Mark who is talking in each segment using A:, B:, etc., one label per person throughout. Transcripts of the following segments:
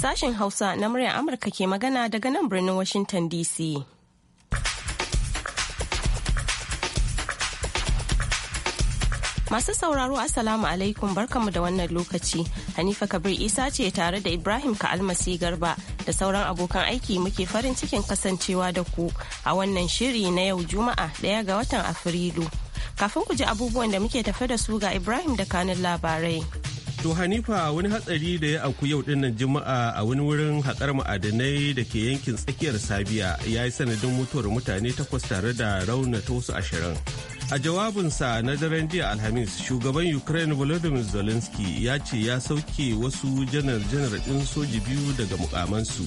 A: Sashen Hausa na muryar Amurka ke magana daga nan birnin Washington DC. Masu sauraro Assalamu alaikum barkanmu da wannan lokaci. Hanifa Kabir Isa ce tare da Ibrahim Ka'almasi Garba da sauran abokan aiki muke farin cikin kasancewa da ku a wannan shiri na yau Juma'a ɗaya ga watan Afrilu. Kafin ku ji abubuwan da muke tafe da su ga Ibrahim da kanin labarai.
B: To Hanifa wani hatsari da ya auku yau dinnan Juma'a a wani wurin haƙar ma'adanai da ke yankin tsakiyar Sabiya ya yi sanadin mutuwar mutane takwas tare da ta wasu ashirin. A jawabinsa na daren jiya Alhamis, shugaban Ukraine Volodymyr Zelensky ya ce ya sauke wasu janar-janar ɗin soji biyu daga mukamansu.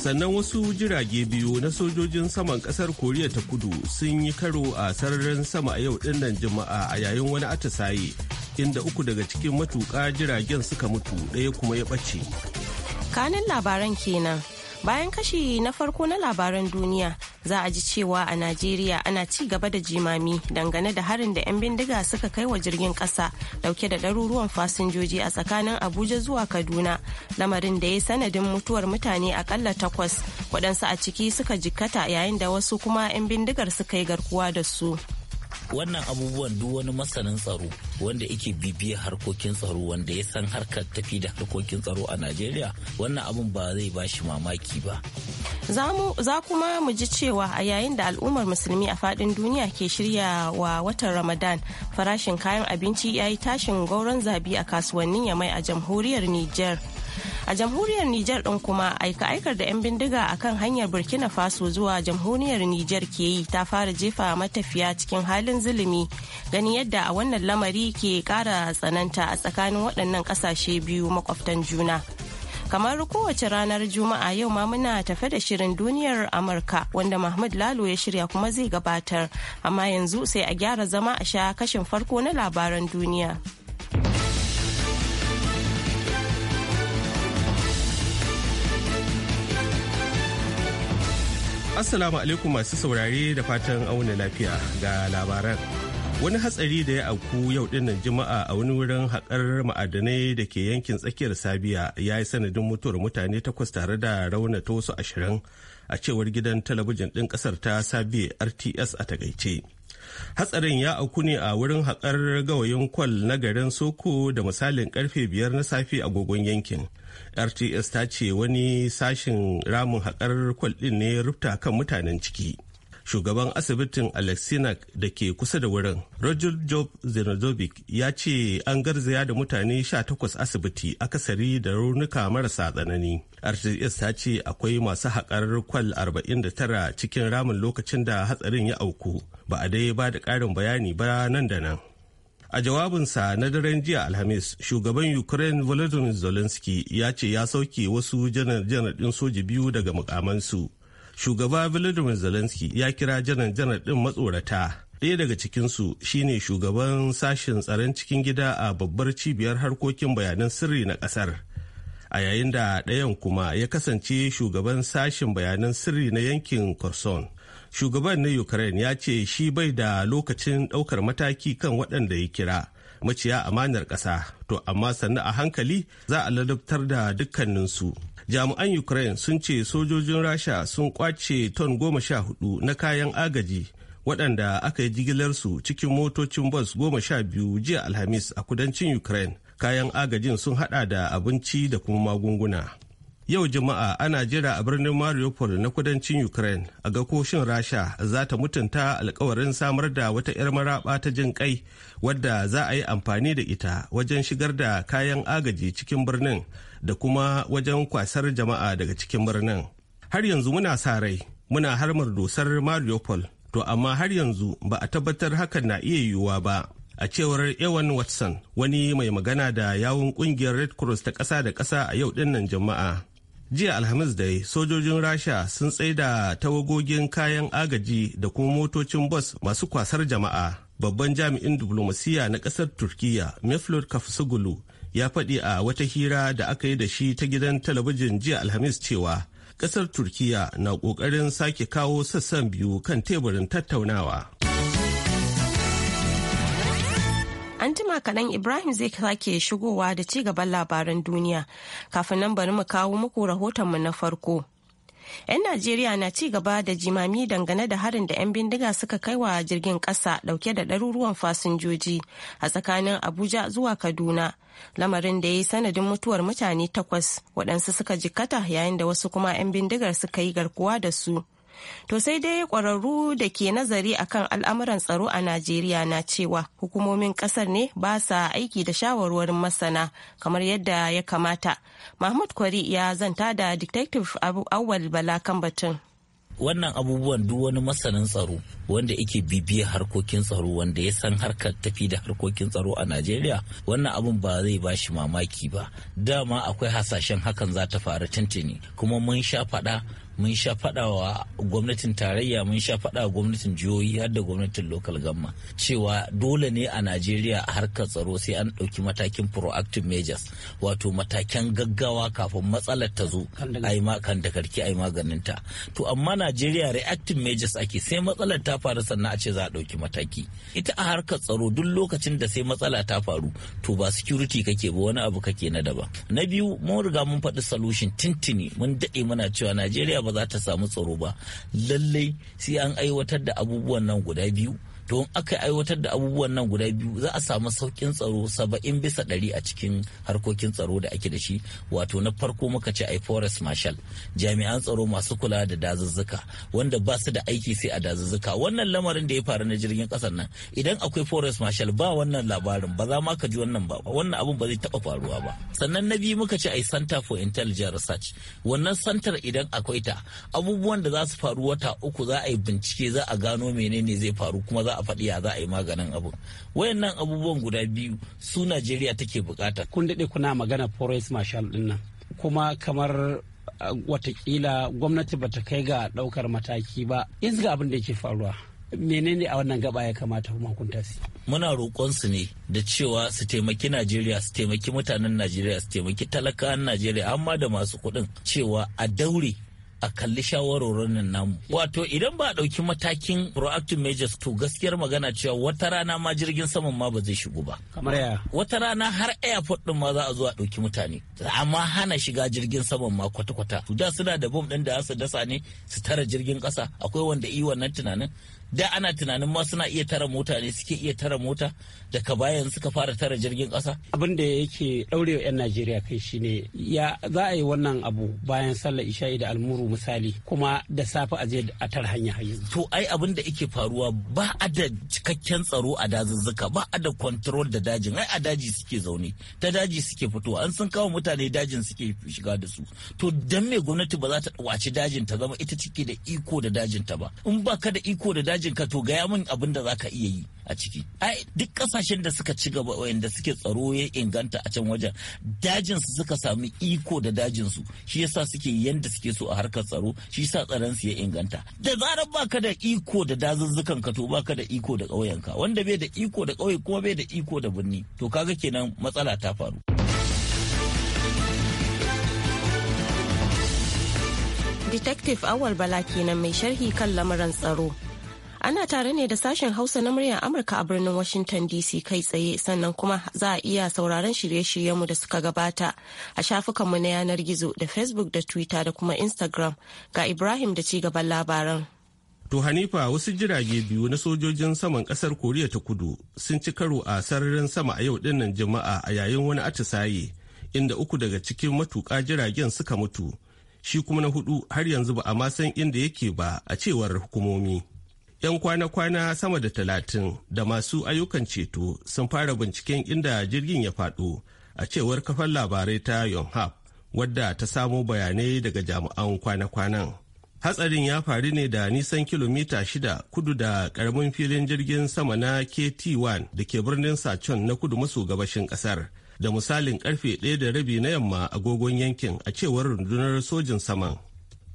B: Sannan wasu jirage biyu na sojojin saman ƙasar Koriya ta kudu sun yi karo a sararin sama a yau dinnan Juma'a a yayin wani atisaye. inda uku daga cikin matuƙa jiragen suka mutu ɗaya kuma ya ɓace.
A: kanin labaran kenan bayan kashi na farko na labaran duniya za a ji cewa a najeriya ana ci gaba da jimami dangane da harin da 'yan bindiga suka kai wa jirgin kasa dauke da ɗaruruwan fasinjoji a tsakanin abuja zuwa kaduna lamarin da ya sanadin mutuwar mutane akalla takwas waɗansu a ciki suka jikkata yayin da wasu kuma 'yan bindigar suka yi garkuwa da su.
C: wannan abubuwan duk wani masanin tsaro wanda yake bibiyar harkokin tsaro wanda ya san harkar tafi da harkokin tsaro a najeriya wannan abun ba zai ba shi mamaki ba
A: za kuma mu ji cewa a yayin da al'ummar musulmi a fadin duniya ke shirya wa watan ramadan farashin kayan abinci ya yi tashin gauron zabi a kasuwannin yamai a jamhuriyar niger a jamhuriyar nijar din kuma aika aikar da 'yan bindiga a kan hanyar burkina faso zuwa jamhuriyar nijar ke yi ta fara jefa matafiya cikin halin zulumi gani yadda a wannan lamari ke kara tsananta a tsakanin waɗannan ƙasashe biyu makwabtan juna kamar kowace ranar juma'a yau ma muna tafe da shirin duniyar amurka wanda mahmud lalo ya shirya kuma zai gabatar amma yanzu sai a gyara zama a sha kashin farko na labaran duniya.
B: Assalamu alaikum masu saurare da fatan auna lafiya ga labaran. Wani hatsari da ya auku yau dinnan Juma'a a wani wurin haƙar ma'adanai da ke yankin tsakiyar Sabiya ya yi sanadin mutuwar mutane takwas tare da raunata wasu ashirin a cewar gidan talabijin ɗin ƙasar ta Sabiya RTS a takaice. hatsarin ya auku ne a wurin haƙar gawayin kwal na garin soko da misalin karfe biyar na safe gogon yankin rts ta ce wani sashin ramin haƙar kwal ɗin ne rufta kan mutanen ciki shugaban asibitin alexinac da ke kusa da wurin roger job zenodovic ya ce an garzaya da mutane 18 asibiti akasari da raunuka marasa tsanani rts ta ce akwai masu haƙar kwal 49 cikin ramin lokacin da hatsarin ya auku ba a dai ba da ƙarin bayani ba nan da nan A jawabinsa na daren jiya Alhamis, shugaban Ukraine Volodymyr Zelensky ya ce ya sauke wasu janar-janar ɗin soji biyu daga mukamansu shugaba volodymyr zelensky ya kira janar janar din matsorata ɗaya daga cikinsu shine shugaban sashen tsaron cikin gida a babbar cibiyar harkokin bayanan sirri na ƙasar a yayin da ɗayan kuma ya kasance shugaban sashen bayanan sirri na yankin korson shugaban na ukraine ya ce shi bai da lokacin ɗaukar mataki kan waɗanda ya kira maciya amanar ƙasa to amma sannu a hankali za a ladabtar da dukkaninsu jami'an ukraine sun ce sojojin rasha sun kwace ton goma sha hudu na kayan agaji waɗanda aka yi jigilarsu cikin motocin bus goma sha biyu jiya alhamis a kudancin ukraine kayan agajin sun hada da abinci da kuma magunguna yau juma'a ana jira a birnin mariupol na kudancin ukraine a ga koshin rasha za ta mutunta alkawarin samar da wata 'yar maraba ta jin kai wadda za a yi amfani da ita wajen shigar da kayan agaji cikin birnin da kuma wajen kwasar jama'a daga cikin birnin har yanzu muna sa rai muna harmar dosar mariupol to amma har yanzu ba a tabbatar hakan na iya yiwuwa ba a cewar ewan watson wani mai magana da yawun kungiyar red cross ta ƙasa da ƙasa a yau dinnan jama'a jiya alhamis dai sojojin rasha sun tsaida tawagogin kayan agaji da kuma motocin bus masu kwasar jama'a babban jami'in diplomasiya na ƙasar turkiyya meflod kafsugulu ya faɗi a wata hira da aka yi da shi ta gidan talabijin jiya alhamis cewa ƙasar turkiya na ƙoƙarin sake kawo sassan biyu kan teburin tattaunawa
A: an jima kaɗan Ibrahim zai sake shigowa da ci gaban labaran duniya. Kafin nan bari mu kawo muku rahoton mu na farko. 'Yan Najeriya na ci gaba da jimami dangane da harin da 'yan bindiga suka kai wa jirgin kasa ɗauke da ɗaruruwan fasinjoji a tsakanin Abuja zuwa Kaduna. Lamarin da ya yi sanadin mutuwar mutane takwas waɗansu suka jikkata yayin da wasu kuma 'yan bindigar suka yi garkuwa da su. To sai dai ƙwararru da ke nazari akan al'amuran tsaro a Najeriya na cewa hukumomin ƙasar ne ba sa aiki da shawarwarin masana kamar yadda ya kamata. Mahmud Kwari ya zanta da Detective Awal Bala batun.
C: wannan abubuwan duk wani masanin tsaro wanda yake bibiya harkokin tsaro wanda ya san harkar tafi da harkokin tsaro a najeriya wannan abun ba zai ba shi mamaki ba dama akwai hasashen hakan za ta faru tuntuni kuma mun sha faɗa mun sha faɗawa gwamnatin tarayya mun sha faɗawa gwamnatin jihohi har da gwamnatin local gamma cewa dole ne a najeriya a harkar tsaro sai an ɗauki matakin proactive measures wato matakan gaggawa kafin matsalar ta zo a yi makan da karki a yi maganinta to amma najeriya reactive measures ake sai matsalar ta faru sannan a ce za a ɗauki mataki ita a harkar tsaro duk lokacin da sai matsala ta faru to ba security kake ba wani abu kake na daban na biyu mun riga mun faɗi solution tintini mun daɗe muna cewa najeriya ba ba za ta samu tsaro ba lallai sai an aiwatar da abubuwan nan guda biyu don aka aiwatar da abubuwan nan guda biyu za a samu saukin tsaro saba'in bisa ɗari a cikin harkokin tsaro da ake da shi wato na farko muka ce ai forest marshal jami'an tsaro masu kula da dazuzzuka wanda ba su da aiki sai a dazuzzuka wannan lamarin da ya faru na jirgin ƙasar nan idan akwai forest marshal ba wannan labarin ba za ma ka ji wannan ba wannan abun ba zai taɓa faruwa ba sannan na biyu muka ce ai center for intelligence research wannan center idan akwai ta abubuwan da za su faru wata uku za a yi bincike za a gano menene zai faru kuma za za a faɗi ya za a yi maganin abu wayannan abubuwan guda biyu su najeriya take bukata kun daɗe kuna magana forest marshal ɗin nan kuma kamar watakila gwamnati bata kai ga ɗaukar mataki ba yanzu ga abin da yake faruwa menene a wannan gaba ya kamata kuma kun tasi muna su ne da cewa su taimaki najeriya su taimaki mutanen najeriya su taimaki talakawan najeriya amma da masu kuɗin cewa a daure a kalli shawarorin nan namu wato idan ba a ɗauki matakin proactive measures to gaskiyar magana cewa wata rana ma jirgin saman ma ba zai shigo ba Kamar wata rana har airport din ma za a zo a ɗauki mutane amma hana shiga jirgin saman ma kwata-kwata da suna da bom ɗin da su dasa ne su tara jirgin ƙasa akwai wanda iya wannan tunanin da ana tunanin ma suna iya tara mota ne suke iya tara mota daga bayan suka fara tara jirgin kasa abin da yake daurewa 'yan najeriya kai shine ya za a yi wannan abu bayan sallar isha'i da almuru misali kuma da safe a je a tara hanya to ai abin da yake faruwa ba a da cikakken tsaro a dazuzzuka ba a da control da dajin ai a daji suke zaune ta daji suke fitowa an sun kawo mutane dajin suke shiga da su to dan me gwamnati ba za ta wace dajin ta zama ita cike da iko da dajin ta ba in ba ka da iko da dajin dajin ka to gaya min abin da za ka iya yi a ciki ai duk kasashen da suka ci gaba wayanda suke tsaro ya inganta a can wajen dajin su suka sami iko da dajin su shi yasa suke yanda suke so a harkar tsaro shi yasa tsaron su ya inganta da zarar baka da iko da dazuzzukan ka to baka da iko da ƙauyen ka wanda bai da iko da ƙauye kuma bai da iko da birni to kaga kenan matsala ta faru
A: Detective Awal Bala kenan mai sharhi kan lamuran tsaro. Ana tare ne da sashen Hausa na muryar Amurka a birnin Washington DC kai tsaye sannan kuma za a iya sauraron shirye-shiryenmu da suka gabata a shafukanmu na yanar gizo da Facebook da Twitter da kuma Instagram ga Ibrahim da ci gaban labaran.
B: To Hanifa wasu jirage biyu na sojojin saman kasar Koriya ta kudu sun ci karo a sararin sama a yau dinnan jama'a a yayin wani atisaye inda uku daga cikin matuƙa jiragen suka mutu shi kuma na hudu har yanzu ba a ma san inda yake ba a cewar hukumomi. 'yan kwana-kwana sama da talatin da masu ayyukan ceto sun fara binciken inda jirgin ya faɗo a cewar kafar labarai ta yonhap wadda ta samo bayanai daga jami'an kwana-kwanan hatsarin ya faru ne da nisan kilomita shida kudu da karamin filin jirgin sama na kt1 da ke birnin sachon na kudu maso gabashin kasar da misalin karfe ɗaya da rabi na yamma agogon yankin a cewar rundunar sojin saman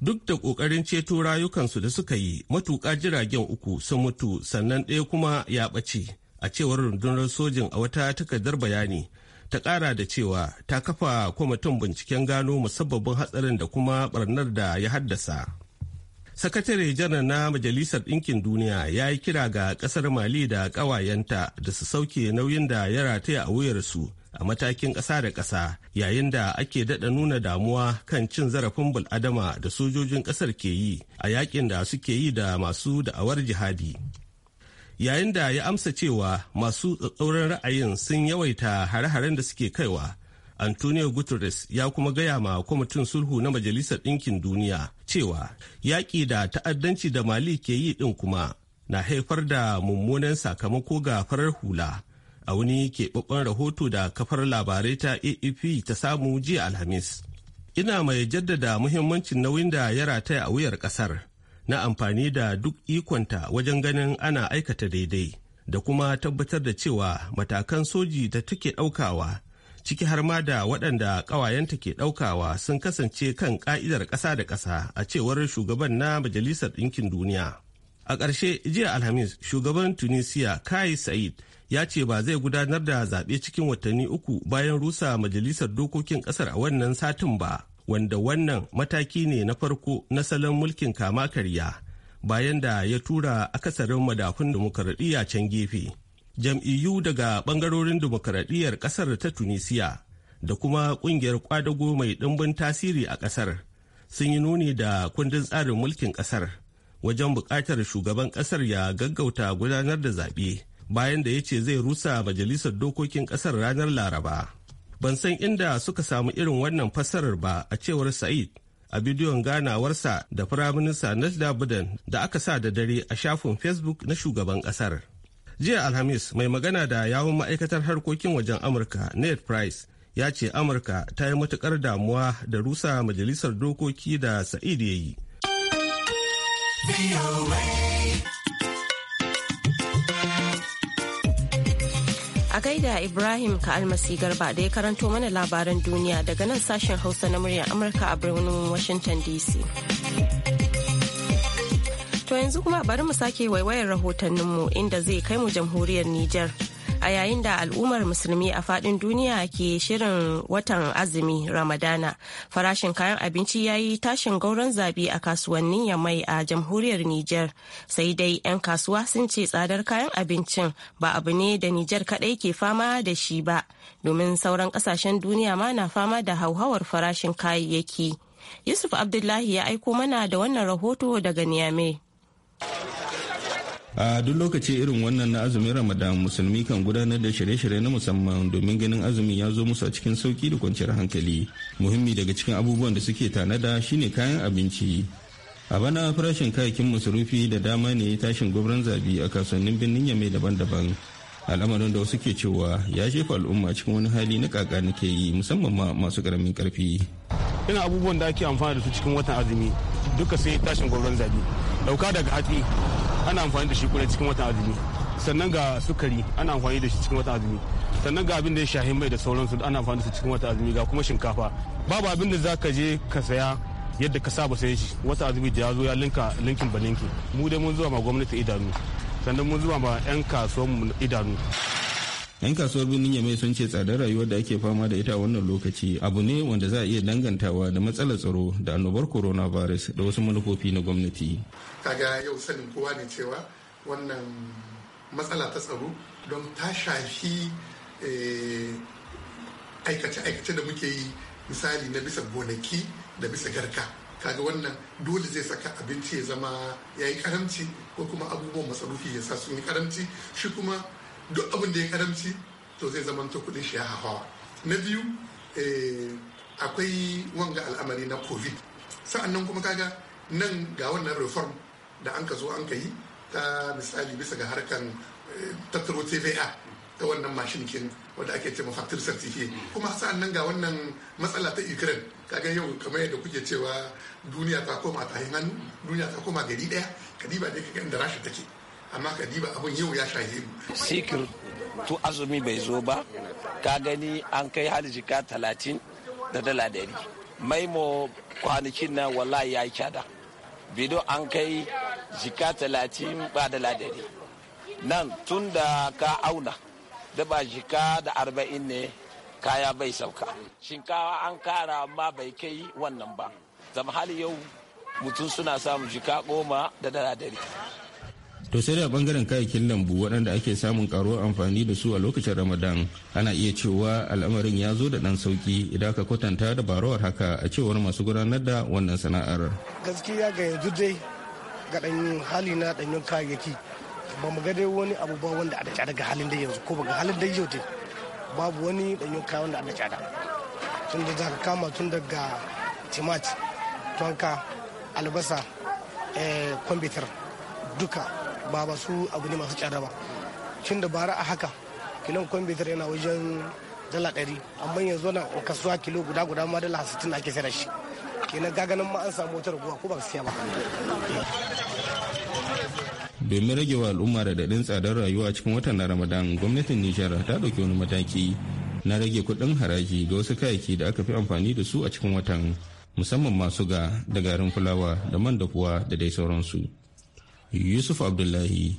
B: duk da ƙoƙarin ceto rayukansu da suka yi matuƙa jiragen uku sun mutu sannan ɗaya kuma ya ɓace a cewar rundunar sojin a wata takardar bayani ta ƙara da cewa ta kafa kwamitin binciken gano musabbabin hatsarin da kuma ɓarnar da ya haddasa sakatare janar na majalisar ɗinkin duniya ya yi kira ga ƙasar mali da ƙawayenta da su sauke nauyin da ya rataya a wuyarsu a matakin ƙasa da ƙasa yayin da ake daɗa nuna damuwa kan cin zarafin bul'adama da sojojin ƙasar ke yi a yakin da suke yi da masu da'awar jihadi. Yayin da ya amsa cewa masu tsatsauran ra'ayin sun yawaita hare-haren da suke kaiwa, Antonio Guterres ya kuma gaya ma kwamitin sulhu na Majalisar Ɗinkin Duniya cewa yaƙi da ta'addanci da Mali ke yi ɗin kuma na haifar da mummunan sakamako ga farar hula a wani keɓaɓɓen rahoto da kafar labarai ta AAP e ta samu jiya Alhamis. Ina mai jaddada muhimmancin nauyin da ya rataya a wuyar ƙasar na amfani da duk ikonta wajen ganin ana aikata daidai da kuma tabbatar da cewa matakan soji da take ɗaukawa ciki har ma da waɗanda ƙawayenta ke ɗaukawa sun kasance kan ƙa'idar ƙasa da ƙasa a cewar shugaban na majalisar ɗinkin duniya. A ƙarshe jiya Alhamis shugaban Tunisia Kai Said ya ce ba zai gudanar da zaɓe cikin watanni uku bayan rusa majalisar dokokin ƙasar a wannan satin ba wanda wannan mataki ne na farko na salon mulkin kama karya bayan da ya tura akasarin madafun dimokuraɗiyya can gefe jam'iyyu daga ɓangarorin dimokuraɗiyyar ƙasar ta tunisiya da kuma ƙungiyar kwadago mai ɗimbin tasiri a ƙasar sun yi nuni da kundin tsarin mulkin ƙasar wajen buƙatar shugaban ƙasar ya gaggauta gudanar da zaɓe bayan da ya ce zai rusa majalisar dokokin kasar ranar laraba ban san inda suka samu irin wannan fassarar ba a cewar sa'id a bidiyon ganawarsa da firaminista najda budan da aka sa da dare a shafin facebook na shugaban kasar jiya alhamis mai magana da yawon ma'aikatar harkokin wajen amurka ned price ya ce amurka ta yi matukar damuwa da rusa majalisar dokoki da sa'id ya yi
A: A gaida Ibrahim ka almasi garba da ya karanto mana labaran duniya daga nan sashen Hausa na muryar Amurka a birnin Washington DC. To yanzu kuma bari mu sake waiwayar rahotanninmu inda zai kai mu jamhuriyar Nijar. a yayin da al'ummar musulmi a faɗin duniya ke shirin watan azumi ramadana farashin kayan abinci ya yi tashin gauron zabi a kasuwannin yamai a jamhuriyar niger sai dai 'yan kasuwa sun ce tsadar kayan abincin ba abu ne da niger kaɗai ke fama da shi ba domin sauran ƙasashen duniya ma na fama da hauhawar farashin kayayyaki yusuf abdullahi ya aiko mana da wannan rahoto daga niamey
D: a duk lokaci irin wannan na azumin ramadan musulmi kan gudanar da shirye-shirye na musamman domin ganin azumi ya zo musu a cikin sauki da kwanciyar hankali muhimmi daga cikin abubuwan da suke tanada shine kayan abinci a bana farashin kayakin masarufi da dama ne tashin gwamnan zabi a kasuwannin birnin yame daban-daban al'amarin da wasu ke cewa ya jefa al'umma cikin wani hali na kaka nake yi musamman ma masu karamin karfi ina abubuwan da ake amfana da su cikin watan azumi duka sai tashin gwamnan zabi dauka daga hatsi ana amfani da shi kwarai cikin watan azumi
B: sannan ga sukari ana amfani da shi cikin watan azumi sannan ga abin da ya shahi mai da sauransu ana amfani da su cikin watan azumi ga kuma shinkafa babu abin da za ka je ka saya yadda ka saba sayan shi wata azumi da ya zo ya linka linkin ba linki mu dai mun zuwa ma gwamnati idanu sannan mun zuwa ma 'yan kasuwan idanu
D: 'yan kasuwar birnin yamai sun ce tsadar rayuwar da ake fama da ita a wannan lokaci abu ne wanda za a iya dangantawa da matsalar tsaro da annobar coronavirus da wasu manufofi na gwamnati
E: kaga yau sanin kowa ne cewa wannan matsala ta tsaro don ta shafi eh, aikace-aikace da muke yi misali na bisa gonaki da bisa garka kaga wannan dole zai saka abinci ya zama ya yi karamci ko kuma abubuwan masarufi ya sa sun yi karamci shi kuma duk abin da ya karamci to zai zama ta kudin shi ya hawa na biyu eh, akwai wanga al'amari na covid sa'annan kuma kaga nan ga wannan reform da an ka zo an ka yi ta misali bisa ga harkan eh, tattaro tva ta wannan mashin kin wanda ake ce factor certificate kuma sa'an nan ga wannan matsala ta ukraine kaga yau kamar yadda kuke cewa duniya ta koma ta hannu duniya ta koma gari daya ba dai kaga inda rasha take amma ka diba abin yau ya
C: shahe mu sikir tu azumi bai zo ba ka gani an kai har jika talatin da dala dari maimo kwanakin na wala ya yi kyada bido an kai jika talatin ba dala dari nan tun da ka auna da ba jika da arba'in ne kaya bai sauka shinkawa an kara amma bai kai wannan ba zama hali yau mutum suna samun jika goma da dala dari
D: to sai da bangaren kayayyakin lambu waɗanda ake samun karuwar amfani da su a lokacin ramadan ana iya cewa al'amarin ya zo da ɗan sauki idan aka kwatanta da barawar haka a cewar masu gudanar da wannan sana'ar
E: gaskiya ga yanzu dai ga ɗan hali na ɗanyen kayayyaki ba mu ga wani abu ba wanda a da tsada ga halin dai yanzu ko ga halin dai yau dai babu wani ɗanyen kaya wanda a da tsada tun da zaka kama tun daga timat tonka albasa eh, kwambitar duka ba ba su abu ne masu tsada ba tun da bara a haka kilon kwamfutar yana wajen dala ɗari amma yanzu na kasuwa kilo guda guda ma dala sittin ake sayar shi kenan gaganin ma an samu motar guwa ko ba su siya ba
D: domin rage wa al'umma daɗin tsadar rayuwa cikin watan na ramadan gwamnatin nijar ta ɗauki wani mataki na rage kuɗin haraji ga wasu kayayyaki da aka fi amfani da su a cikin watan musamman masu ga da garin fulawa da man kuwa da dai sauransu yusuf abdullahi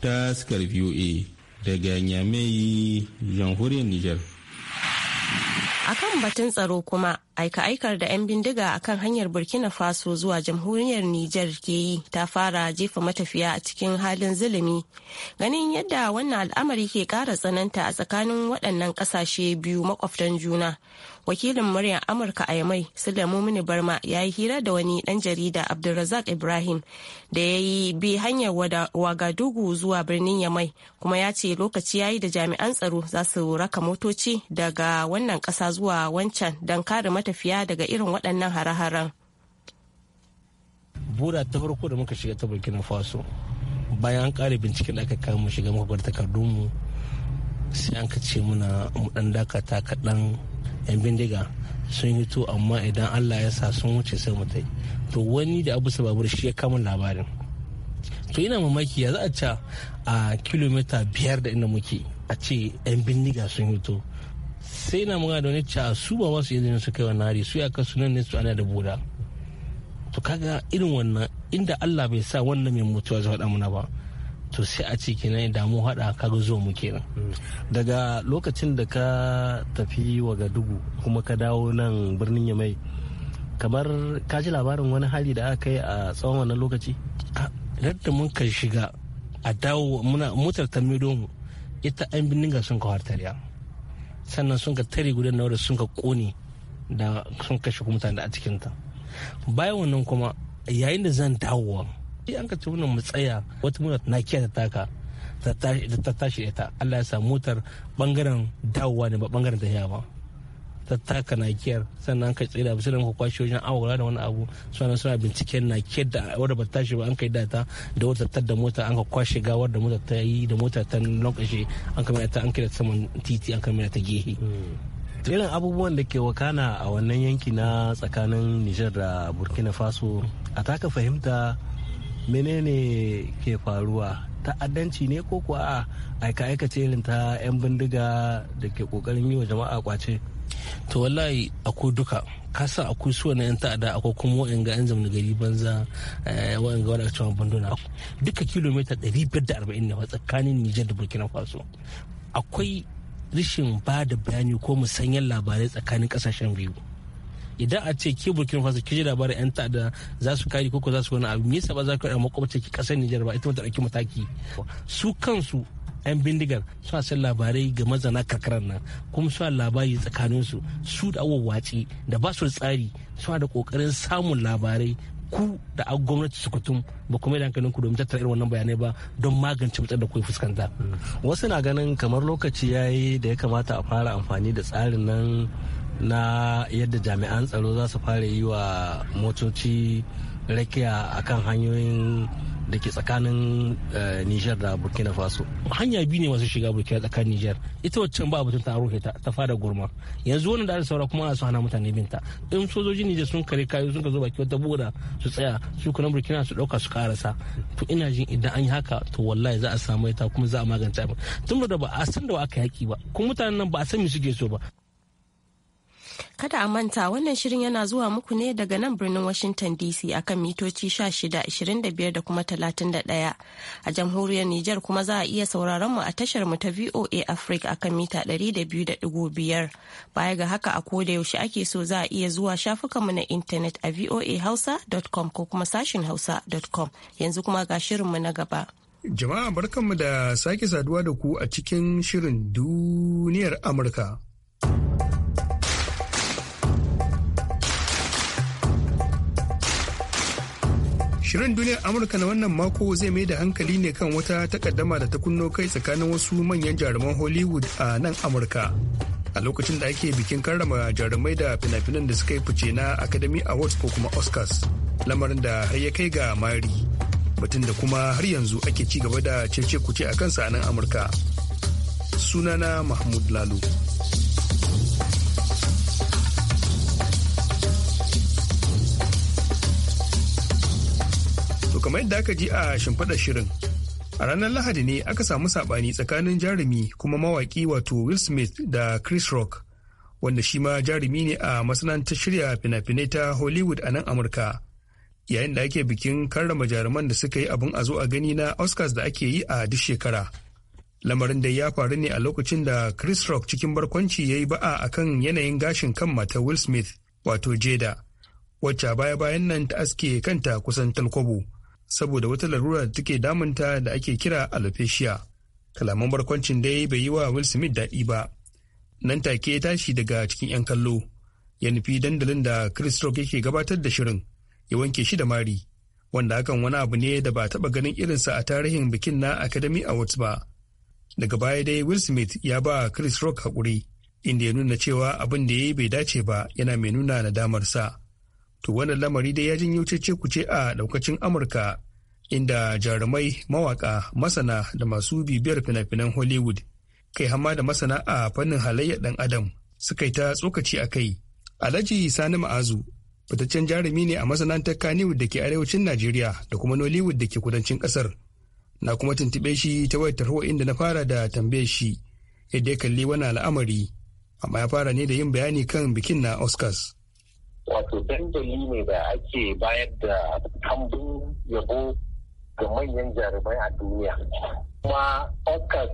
D: ta skar voa daga nyamai jamhuriyar niger
A: a kan batun tsaro kuma aika-aikar da 'yan bindiga a kan hanyar burkina faso zuwa jamhuriyar nijar ke yi ta fara jefa matafiya a cikin halin zulumi ganin yadda wannan al'amari ke kara tsananta a tsakanin waɗannan ƙasashe biyu makwabtan juna wakilin muryar amurka a yamai sulaimu mumini barma ya yi hira da wani dan jarida abdulrazak ibrahim da ya yi bi hanyar wagadugu zuwa birnin yamai kuma ya ce lokaci ya yi da jami'an tsaro za su raka motoci daga wannan kasa zuwa wancan don kare matafiya daga irin waɗannan hare-haren
F: bura ta da muka shiga ta burkina faso bayan an kare binciken da aka kama shiga muka takardunmu sai an ka ce muna mu dan dakata kaɗan 'yan bindiga sun hito amma idan allah ya sa sun wuce sai mutai to wani da abu sababur shi ya kama labarin to ina mamaki ya za a ca a kilomita biyar da inda muke a ce 'yan bindiga sun hito sai na magana da wani ca su ba masu izinin su kai wa nari su ya kasu nan ne su ana da buda to kaga irin wannan inda allah bai sa wannan mai mutuwa zai haɗa mana ba to sai a ce kenan da mu haɗa kaga zo mu kenan hmm. daga lokacin da ka tafi dugu kuma ka dawo nan birnin yamai kamar ka ji labarin wani hali da aka yi a tsawon wannan lokaci da mun ka shiga a dawo muna motar ta mu ita an bindiga sun ka hartariya sannan sun ka tare gudan na sun ka kone da sun kashe mutane a cikinta bayan wannan kuma yayin da zan dawowa in an ka ci wannan mu tsaya wata mota na kiya ta taka ta tashi ita Allah ya sa motar bangaren dawowa ne ba bangaren tafiya ba ta taka na kiyar. sannan ka tsira bisa da kwashe wajen awa da wani abu sannan suna binciken kiyar da wadda ba tashi ba an kai data da wata tattar da mota an ka kwashe gawar da mota ta yi da mota ta lokashe an mai ta an kira saman titi an mai ta gehe hmm. irin abubuwan da ke wakana a wannan yanki na tsakanin nijar da burkina faso a taka fahimta menene ke faruwa ta'addanci ne ko kuwa a aika aikace irin ta 'yan bindiga da ke kokarin yi wa jama'a kwace to wallahi akwai duka kasa akwai su wani 'yan ta'ada akwai kuma wa'in ga 'yan zamani gari banza eh, wa'in ga banduna duka kilomita 540 ne tsakanin nijar da burkina faso akwai rashin ba da bayani ko musanyen labarai tsakanin kasashen biyu idan a ce ke burkina faso ke ji labarin yan ta'adda za su kare koko za su wani abu me yasa ba za ka ɗauki makwabta ki kasar nijar ba ita mata ɗauki mataki su kansu 'yan bindigar suna son labarai ga mazana karkarar nan kuma suna labari tsakanin su da awawaci da ba su da tsari suna da kokarin samun labarai ku da a gwamnati su kutum ba kuma idan ku domin tattara irin wannan bayanai ba don magance matsalar da kuke fuskanta wasu na ganin kamar lokaci ya yi da ya kamata a fara amfani da tsarin nan na yadda jami'an tsaro za su fara yi wa motoci rakiya a kan hanyoyin da ke tsakanin eh, niger da burkina faso hanya biyu ne masu shiga burkina tsakanin niger ita wacce ba batun ta rohe ta fara gurma yanzu wannan da ana saura kuma ana su hana mutane binta in sojoji niger sun kare kayo sun ka zo baki wata boda su tsaya su kuma burkina su dauka su karasa to ina jin idan an yi haka to wallahi za a samu ita kuma za a magance abin tun da ba a san da aka yaki ba kuma mutanen nan ba a san me suke so ba
A: Kada a manta wannan shirin yana zuwa muku ne daga nan birnin Washington DC akan mitoci 16-25 da kuma 31. A jamhuriyar Nijar kuma za a iya sauraron mu a tashar mu ta VOA Africa akan mita 200.5. Baya ga haka a koda yaushe ake so za a iya zuwa shafukan mu na intanet a voahausa.com ko kuma sashin hausa.com. Yanzu kuma ga shirin mu na gaba.
E: Jama'a barkanmu da sake saduwa da ku a cikin shirin duniyar Amurka. Shirin duniyar Amurka na wannan mako zai mai da hankali ne kan wata takaddama da ta kunno kai tsakanin wasu manyan jaruman Hollywood a nan Amurka. A lokacin da ake bikin karrama jarumai da fina-finan da suka yi fice na Academy Awards ko kuma Oscars, lamarin da har ya kai ga mari. Batun da kuma har yanzu ake ci gaba da cece kuce a kansa a nan Amurka. Sunana Mahmud lalu. kamar yadda aka ji a shimfiɗar shirin a ranar lahadi ne aka samu saɓani tsakanin jarumi kuma mawaƙi wato will smith da chris rock wanda shi ma jarumi ne a masana'antar shirya fina-finai ta hollywood a nan amurka yayin da ake bikin karrama jaruman da suka yi abin a zo a gani na oscars da ake yi a duk shekara lamarin da ya faru ne a lokacin da chris rock cikin barkwanci ya yi ba'a a kan yanayin gashin kan mata will smith wato jeda wacce baya bayan nan ta aske kanta kusan talkwabo saboda wata larura da take damunta da ake kira alopecia kalaman barkwancin dai bai yi wa will smith daɗi ba nan take tashi daga cikin 'yan kallo ya nufi dandalin da chris rock yake gabatar da shirin ya wanke shi da mari wanda hakan wani abu ne da ba taɓa ganin irinsa a tarihin bikin na academy awards ba daga baya dai will smith ya ba chris rock haƙuri inda ya nuna cewa abin da ya yi bai dace ba yana mai nuna sa. to wannan lamari dai ya janyo cece kuce a daukacin amurka inda jarumai mawaka masana da masu bibiyar fina-finan hollywood kai hama da masana a fannin halayyar dan adam suka yi ta tsokaci a kai alhaji sani ma'azu fitaccen jarumi ne a masana'antar kaniwood da ke arewacin najeriya da kuma nollywood da ke kudancin kasar na kuma tuntube shi ta wayar tarho inda na fara da tambaye shi yadda ya kalli wani al'amari amma ya fara ne da yin bayani kan bikin na oscars
G: wato dandali ne da ake bayar da kambun yabo ga manyan jarumai a duniya kuma Okas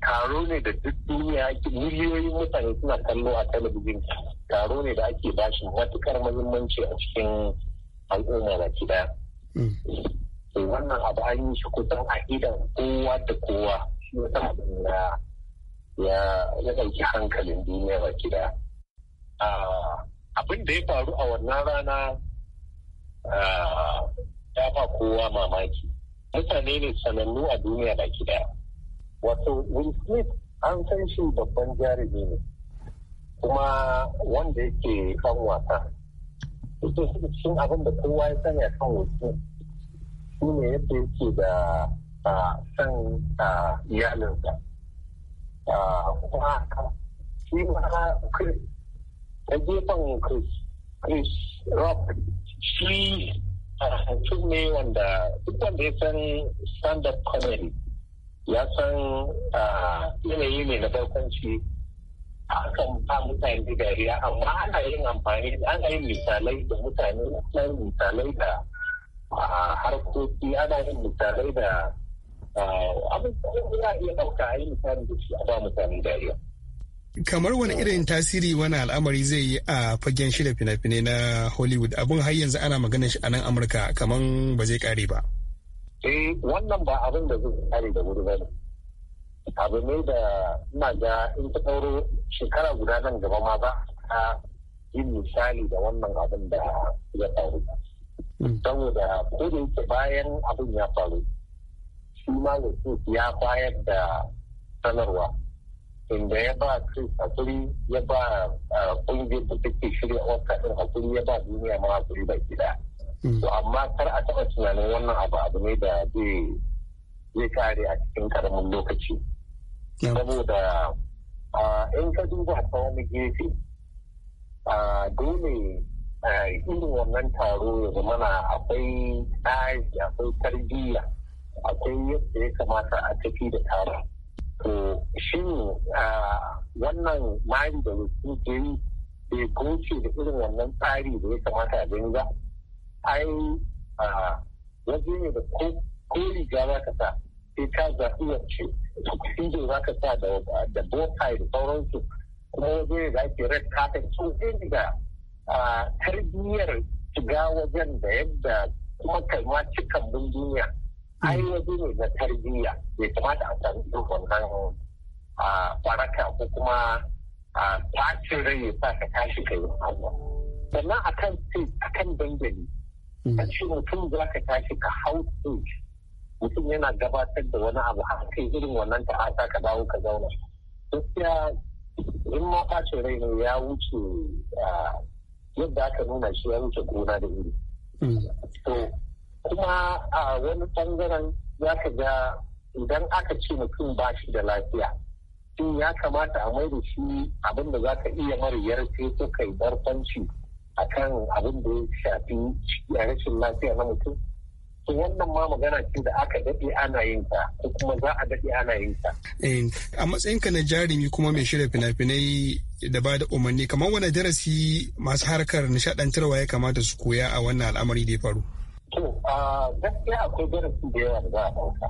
G: taro ne da duk duniya ake miliyoyin mutane suna kallo a talabijin taro ne da ake bashi matukar muhimmanci a cikin al'umma baki daya wannan abu an yi shi kusan a idan kowa da kowa shi wata abin ya ya ɗauki hankalin duniya baki daya abin da ya faru a wannan rana ah, ya ba kowa mamaki mutane ne sanannu a duniya baki daya wato will an san shi babban jarumi ne kuma wanda yake kan wasa ita suka cikin abin da kowa ya sani a kan wasu shi ne yadda yake da ah, san ah, iyalinsa kuma shi ma ta gefen chris chris rock shi mutum ne wanda duk wanda ya san stand-up comedy ya san yanayi ne na barkwanci a kan ba mutane da dariya amma ana yin amfani ana yin misalai da mutane ana yin misalai da harkoki ana yin misalai da abubuwa ya iya ɗauka a yi misalin da shi a ba mutane dariya
E: kamar wani irin tasiri wani al'amari zai yi a fagen shirya fina-finai na hollywood abin har yanzu ana magana shi a nan amurka kamar ba zai kare ba
G: eh wannan ba abin da zai kare da wuri ba abu ne da ina ga in ta ɗauro shekara guda nan gaba ma ba a yi misali da wannan abin da ya faru hmm. saboda ko da yake bayan abin ya faru shi ma ya bayar da sanarwa inda uh, hmm. ya ba su hakuri ya ba kungiyar da take shirya wata ɗin hakuri ya ba duniya ma hakuri ba gida. To amma kar a taɓa tunanin wannan abu abu ne da zai kare a cikin karamin lokaci. Saboda in ka duba ta wani gefe dole irin wannan taro ya zama na akwai tsari akwai tarbiyya akwai yadda ya kamata a tafi da taron. to eh, shi eh, wannan mari da wasu ke yi bai goce da irin wannan tsari da ya kamata a gani ba ai eh, waje ne da ko riga za ka sa sai ka zaɓi wacce tuxedo za ka sa da bokai da sauransu kuma waje ne da ake red carpet so zai da tarbiyyar shiga wajen da yadda kuma kalma cikan bin duniya ai waje ne na tarbiyya bai kamata a sami irin wannan faraka ko kuma tashin rai ya sa ka tashi ka yi hawa. sannan akan akan dandali hmm. a ce mutum za ka tashi ka hau mutum yana gabatar da wani abu har kai irin wannan ta'ata ka dawo ka zauna gaskiya in ma ɓacin rai ne ya wuce yadda aka nuna shi ya wuce gona da iri hmm. kuma a wani ɓangaren ya ka ga idan aka ce mutum ba shi da lafiya shin ya kamata a mai da shi abin da za ka iya mara sai ko kai barkwanci a kan abin da ya shafi rashin lafiya na mutum to wannan ma magana ce da aka daɗe ana yin ta ko kuma za a daɗe ana yin ta.
E: Eh, a matsayinka na jarumi kuma mai shirya fina-finai da ba da umarni kamar wani darasi masu harkar nishaɗantarwa ya kamata su koya a wannan al'amari da ya faru.
G: To, akwai darasi da da za a ɗauka.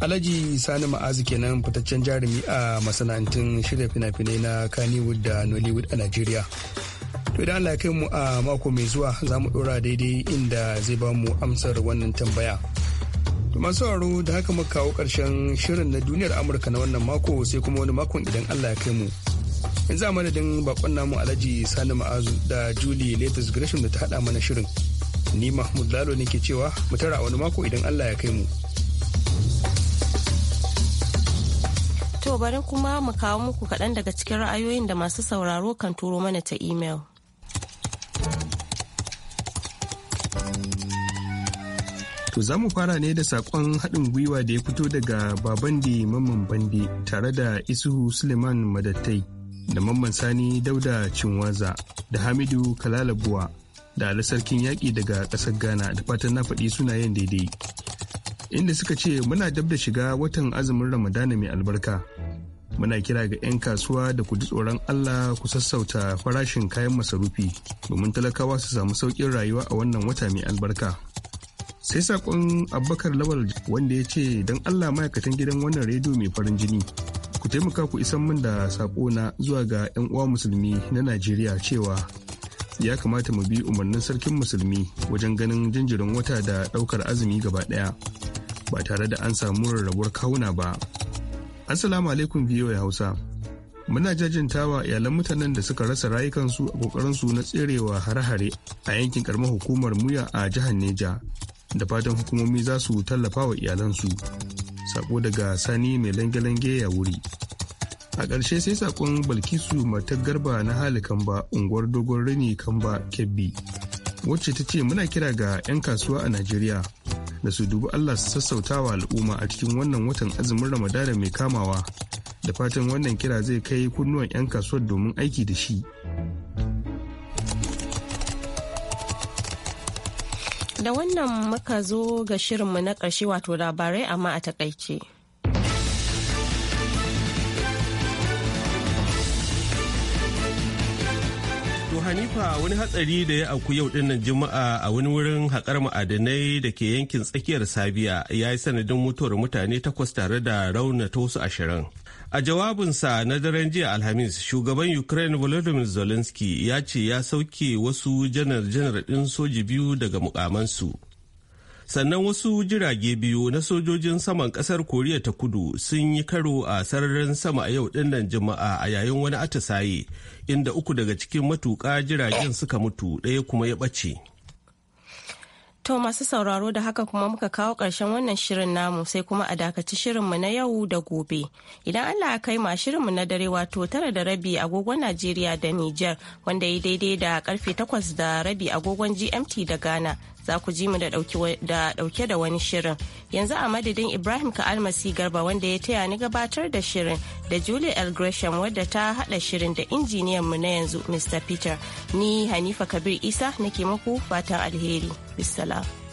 E: Alhaji Sani Ma'azu kenan fitaccen jarumi a masana'antun shirya fina-finai na Kannywood da Nollywood a Najeriya. To idan Allah kai mu a mako mai zuwa za mu ɗora daidai inda zai ba mu amsar wannan tambaya. To masu sauraro da haka muka kawo ƙarshen shirin na duniyar Amurka na wannan mako sai kuma wani makon idan Allah ya kai mu. yanzu a madadin bakon namu alhaji sani ma'azu da julie latest gresham da ta hada mana shirin ni mahmud lalo ne ke cewa mu tara a wani mako idan allah ya kai mu
A: to bari kuma mu kawo muku kaɗan daga cikin ra'ayoyin da masu sauraro kan turo mana ta imel.
E: To za mu fara ne da sakon haɗin gwiwa da ya fito daga Babandi Mamman bandi tare da Isuhu Suleiman Madattai da mamman sani dauda cinwaza da hamidu kalalabuwa da ali sarkin yaƙi daga ƙasar ghana da fatan na faɗi suna yin daidai inda suka ce muna dab da shiga watan azumin ramadana mai albarka muna kira ga 'yan kasuwa da ku ji tsoron allah ku sassauta farashin kayan masarufi domin talakawa su samu sauƙin rayuwa a wannan wata mai albarka sai saƙon abubakar lawal wanda ya ce don allah ma'aikatan gidan wannan rediyo mai farin jini ku taimaka ku isan min da sako na zuwa ga 'yan uwa musulmi na najeriya cewa ya kamata mu bi umarnin sarkin musulmi wajen ganin jinjirin wata da ɗaukar azumi gaba ɗaya ba tare da an samu rarrabuwar kawuna ba assalamu alaikum ya hausa muna jajintawa iyalan mutanen da suka rasa rayukansu a kokarinsu na tserewa hare-hare a yankin karamar hukumar muya a jihar neja da fatan hukumomi za su tallafa wa iyalansu sako daga sani mai lange-lange ya wuri a ƙarshe sai sakon balkisu matar garba na hali kamba unguwar dogon rini kamba kebbi wacce ta ce muna kira ga 'yan kasuwa a najeriya da su dubi allah su sassautawa al'umma a cikin wannan watan azumin ramadana mai kamawa da fatan wannan kira zai kai kunnuwan 'yan kasuwar domin aiki da shi
A: Da wannan muka zo ga shirinmu na ƙarshe wato labarai amma a To
B: hanifa wani hatsari da ya auku yau dinnan juma'a a wani wurin haƙar ma'adanai da ke yankin tsakiyar sabiya ya yi sanadin mutuwar mutane takwas tare da raunata wasu ashirin A jawabinsa na daren jiya Alhamis, shugaban Ukraine Volodymyr Zelensky ya ce ya sauke wasu janar-janar ɗin soji biyu daga mukamansu. Sannan wasu jirage biyu na sojojin saman ƙasar Koriya ta kudu sun yi karo a sararin sama a yau ɗinnan Juma'a a yayin wani atisaye, inda uku daga cikin matuƙa jiragen suka mutu ɗaya kuma ya ɓace.
A: To masu sauraro da haka kuma muka kawo ƙarshen wannan shirin namu sai kuma a dakaci shirinmu na yau da gobe. Idan Allah ya kai ma shirinmu na dare wato tara da rabi agogon Najeriya da Nijar wanda ya daidai da karfe takwas da rabi agogon GMT da Ghana za ku ji mu da dauke da wani shirin yanzu a madadin ibrahim almasi garba wanda ya taya ni gabatar da shirin da julie elgresham gresham wadda ta hada shirin da injiniyan mu na yanzu mr peter ni hanifa kabir isa nake muku fatan alheri bisalam